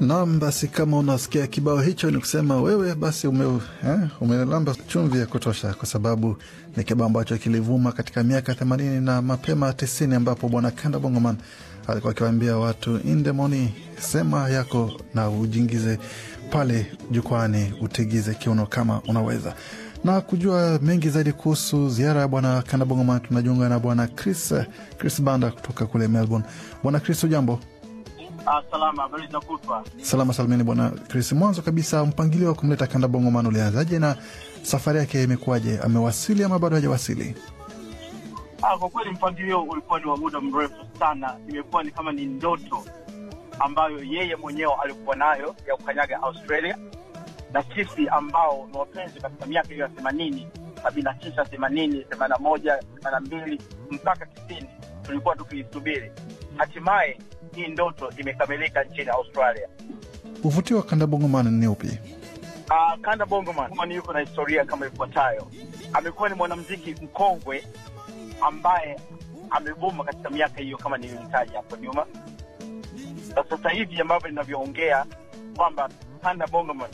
Naam, basi kama unasikia kibao hicho, ni kusema wewe basi ume, eh, umelamba chumvi ya kutosha, kwa sababu ni kibao ambacho kilivuma katika miaka themanini na mapema tisini ambapo bwana Kanda Bongoman alikuwa akiwaambia watu indemoni, sema yako na ujingize pale jukwani, utigize kiuno kama unaweza. Na kujua mengi zaidi kuhusu ziara ya bwana Kanda Bongoman, tunajiunga na bwana Chris, Chris Banda kutoka kule Melbourne. Bwana Chris, ujambo? Ah, salama, habari za kutwa. Salama salimini bwana Chris. Mwanzo kabisa, mpangilio wa kumleta kanda bongo man ulianzaje na safari yake imekuwaje? Amewasili ama bado hajawasili? Ah, kwa kweli mpangilio ulikuwa ni wa muda mrefu sana, imekuwa ni kama ni ndoto ambayo yeye mwenyewe alikuwa nayo ya kukanyaga Australia, na sisi ambao ni wapenzi katika miaka hiyo ya themanini, sabini na tisa, themanini, themani na moja, themani na mbili mpaka tisini tulikuwa tukiisubiri hatimaye hii ndoto imekamilika nchini Australia. Uvutio wa kanda bongoman ni upi? Uh, kanda bongoman yuko na historia kama ifuatayo. Amekuwa ni mwanamziki mkongwe ambaye amevuma katika miaka hiyo kama niliyohitaji hapo nyuma, na sasa hivi ambavyo linavyoongea kwamba kanda bongoman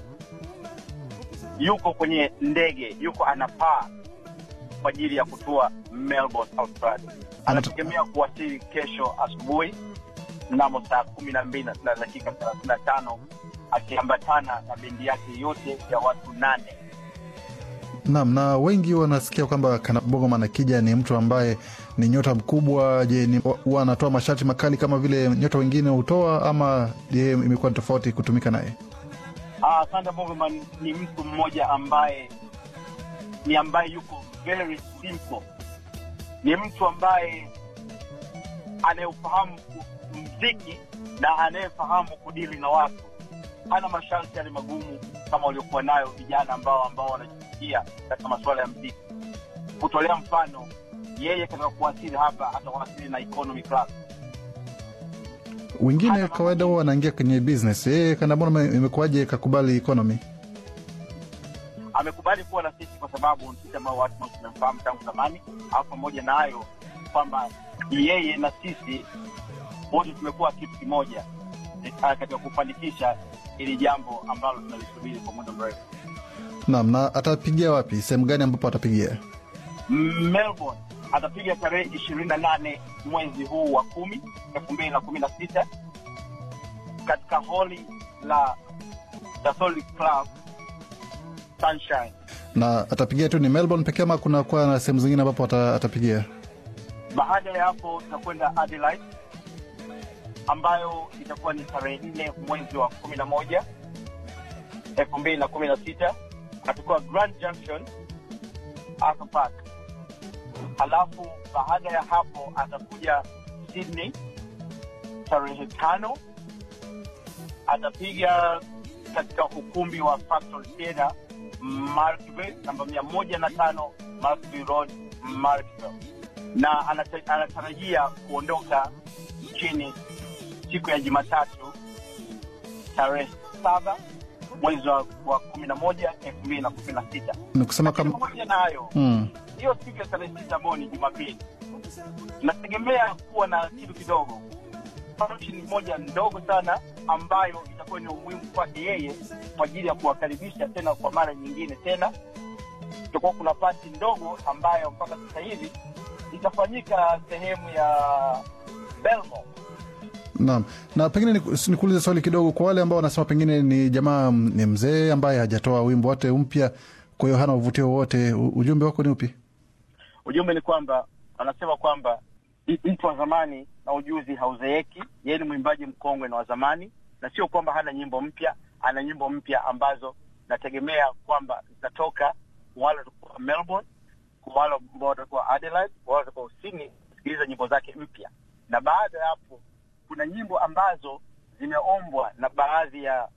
yuko kwenye ndege, yuko anapaa kwa ajili ya kutua Melbourne, Australia anategemea kuwasili kesho asubuhi mnamo saa kumi na mbili na dakika thelathini na tano akiambatana na bendi yake yote ya watu nane. nam na wengi wanasikia kwamba Kanabogomana Kija ni mtu ambaye ni nyota mkubwa. Je, huwa anatoa masharti makali kama vile nyota wengine hutoa, ama je, imekuwa ni tofauti kutumika naye? Sanda ah, Bogoman ni mtu mmoja ambaye ni ambaye yuko very simple ni mtu ambaye anayefahamu mziki na anayefahamu kudili na watu. Hana masharti yale magumu kama waliokuwa nayo vijana ambao ambao wanajisikia katika masuala ya mziki. Kutolea mfano, yeye katika kuwasili hapa atawasili na economy class. Wengine kawaida huwa wanaingia kwenye business. Yeye kanabona imekuwaje kakubali economy? amekubali kuwa na sisi kwa sababu sisi ambao watu tunamfahamu tangu zamani, au pamoja na hayo kwamba yeye na sisi wote tumekuwa kitu kimoja e, katika kufanikisha hili jambo ambalo tunalisubiri kwa muda mrefu. Naam, na atapigia wapi? Sehemu gani ambapo atapigia? Melbourne atapiga tarehe ishirini na nane mwezi huu wa kumi elfu mbili na kumi na sita katika holi la Catholic Club Sunshine. Na atapigia tu ni Melbourne pekee ama kuna kuwa na sehemu zingine ambapo atapigia? Baada ya hapo tutakwenda Adelaide ambayo itakuwa ni tarehe nne mwezi wa kumi na moja elfu mbili na kumi na sita atakuwa Grand Junction Arthur Park. Halafu baada ya hapo atakuja Sydney tarehe tano atapiga katika ukumbi wa Factory Theatre Markville, namba mia moja na tano Markville Road, Markville, na anatarajia kuondoka nchini siku ya Jumatatu tarehe saba mwezi wa kumi na moja elfu mbili na kumi na sita. Nikusema pamoja na hayo mm. hiyo siku ya tarehe sita ambayo ni Jumapili, nategemea kuwa na kitu kidogo, moja ndogo sana ambayo itakuwa ni umuhimu kwake yeye kwa ajili ya kuwakaribisha tena kwa mara nyingine tena. Itakuwa kuna pati ndogo ambayo mpaka sasa hivi itafanyika sehemu ya Belmo. Naam, na pengine nikuulize swali kidogo kwa wale ambao wanasema pengine ni jamaa ni mzee ambaye hajatoa wimbo wote mpya, kwa hiyo hana uvutio wowote. Ujumbe wako ni upi? Ujumbe ni kwamba anasema kwamba mtu wa zamani na ujuzi hauzeeki. Yeye ni mwimbaji mkongwe na wa zamani, na sio kwamba hana nyimbo mpya, ana nyimbo mpya ambazo nategemea kwamba zitatoka wale watakuwa Melbourne, wale ambao watakuwa Adelaide, wale watakuwa usini kusikiliza nyimbo zake mpya. Na baada ya hapo kuna nyimbo ambazo zimeombwa na baadhi ya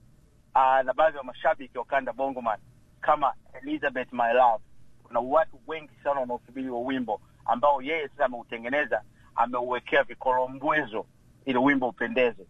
uh, na baadhi ya mashabiki wa kanda Bongoman kama Elizabeth My Love. Kuna watu wengi sana wanaosubiri wa wimbo ambao yeye sasa ameutengeneza, ameuwekea vikolombwezo ili wimbo upendeze.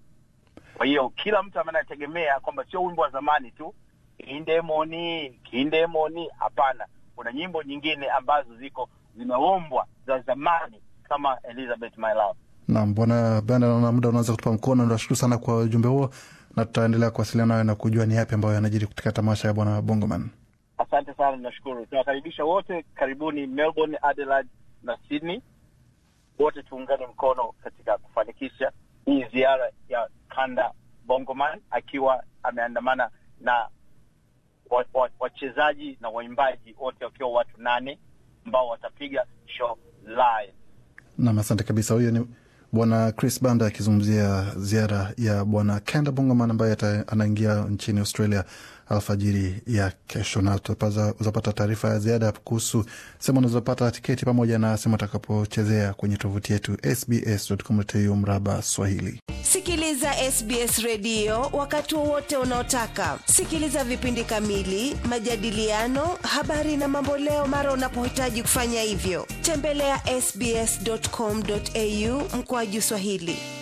Kwa hiyo kila mtu anategemea kwamba sio wimbo wa zamani tu kindemoni kindemoni, hapana. Kuna nyimbo nyingine ambazo ziko zimeombwa za zamani kama Elizabeth My Love. nam bwana Bana, naona muda unaweza kutupa mkono. Nashukuru sana kwa ujumbe huo, na tutaendelea kuwasiliana nawe na kujua ni yapi ambayo yanajiri katika tamasha ya bwana Bongoman. Asante sana, nashukuru. tunawakaribisha wote, karibuni Melbourne, Adelaide na Sydney, wote tuungane mkono katika kufanikisha hii ziara ya kanda Bongoman akiwa ameandamana na wachezaji wa, wa na waimbaji wote wakiwa watu nane ambao watapiga show live. Nam, asante kabisa. Huyo ni Bwana Chris Banda akizungumzia ziara ya Bwana Kenda Bongoman ambaye anaingia nchini Australia alfajiri ya kesho, na utapata taarifa ya ziada kuhusu sehemu unazopata tiketi pamoja na sehemu utakapochezea kwenye tovuti yetu sbs.com.au mraba Swahili. Sikiliza SBS redio wakati wowote unaotaka. Sikiliza vipindi kamili, majadiliano, habari na mamboleo mara unapohitaji kufanya hivyo. Tembelea sbs.com.au mkoaju Swahili.